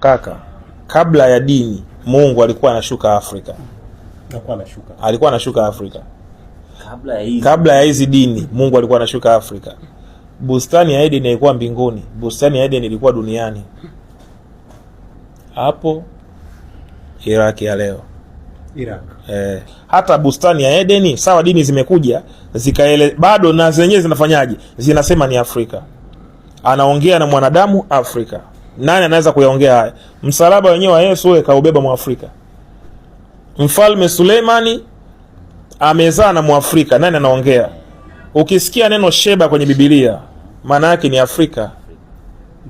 kaka, kabla ya dini Mungu alikuwa anashuka Afrika, alikuwa anashuka Afrika kabla ya hizi dini. Mungu alikuwa anashuka Afrika. Bustani ya Eden ilikuwa mbinguni, bustani ya Eden ilikuwa duniani. Hapo Iraki ya leo Iraq. Eh, hata bustani ya Edeni sawa, dini zimekuja zikaele, bado na zenyewe zinafanyaje? Zinasema ni Afrika, anaongea na mwanadamu Afrika. Nani anaweza kuyaongea haya? Msalaba wenyewe wa Yesu ule kaubeba Mwafrika. Mfalme Suleimani amezaa na Mwafrika. Nani anaongea? Ukisikia neno Sheba kwenye bibilia maana yake ni Afrika.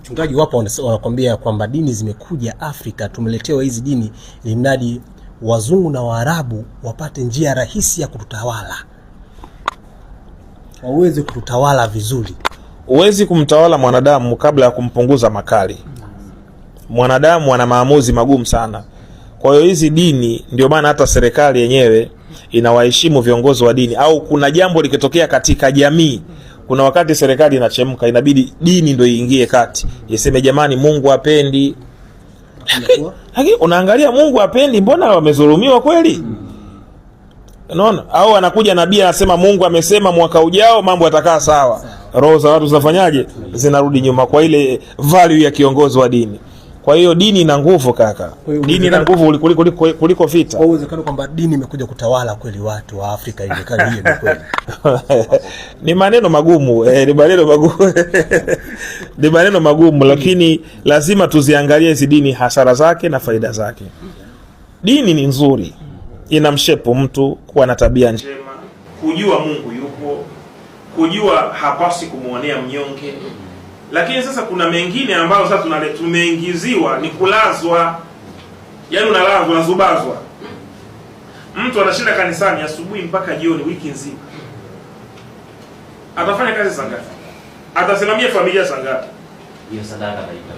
Mchungaji, wapo wanakwambia kwamba dini zimekuja Afrika, tumeletewa hizi dini ili wazungu na Waarabu wapate njia rahisi ya kututawala, wawezi kututawala vizuri. Huwezi kumtawala mwanadamu kabla ya kumpunguza makali mwanadamu ana maamuzi magumu sana. Kwa hiyo hizi dini, ndio maana hata serikali yenyewe inawaheshimu viongozi wa dini, au kuna jambo likitokea katika jamii kuna wakati serikali inachemka, inabidi dini ndio iingie kati, iseme jamani, Mungu apendi. Lakini unaangalia Mungu apendi, mbona wamezulumiwa kweli? hmm. Unaona, au anakuja nabii anasema Mungu amesema mwaka ujao mambo yatakaa sawa, roho za watu zinafanyaje? Zinarudi nyuma kwa ile value ya kiongozi wa dini. Kwa hiyo dini ina nguvu kaka, dini ina nguvu kuliko kuliko kuliko vita. Kwa uwezekano kwamba dini imekuja kutawala kweli watu wa Afrika hivi kali hiyo, kweli ni maneno magumu eh, ni maneno magumu ni maneno magumu, lakini lazima tuziangalie hizi dini, hasara zake na faida zake. Dini ni nzuri, ina mshepo mtu kuwa na tabia njema, kujua Mungu yupo, kujua hapasi kumwonea mnyonge lakini sasa kuna mengine ambayo sasa tumeingiziwa ni kulazwa, yaani unalazwa, unazubazwa. Mtu anashinda kanisani asubuhi mpaka jioni, wiki nzima. Atafanya kazi saa ngapi? Atasimamia familia saa ngapi?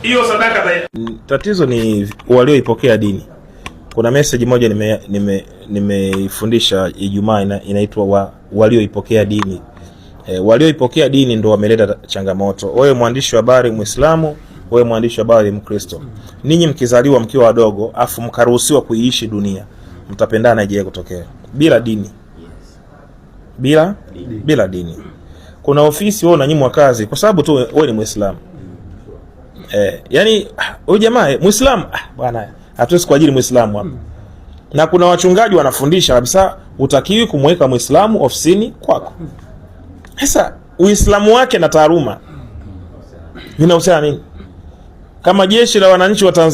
Hiyo sadaka ta... tatizo ni walioipokea dini. Kuna message moja nimeifundisha nime, nime Ijumaa inaitwa wa, walioipokea dini E, walioipokea dini ndo wameleta changamoto. Wewe mwandishi wa habari Muislamu, wewe mwandishi wa habari Mkristo, ninyi mkizaliwa mkiwa wadogo afu mkaruhusiwa kuiishi dunia, mtapendana ijaye kutokea bila dini, bila dini. bila dini kuna ofisi wewe unanyimwa kazi kwa sababu tu wewe ni Muislamu eh, yani huyu jamaa eh, Muislamu ah, bwana, hatuwezi kuajiri Muislamu hapa. Na kuna wachungaji wanafundisha kabisa, utakiwi kumweka Muislamu ofisini kwako. Sasa Uislamu wake na taaluma vinahusiana nini? Kama jeshi la wananchi wa Tanzania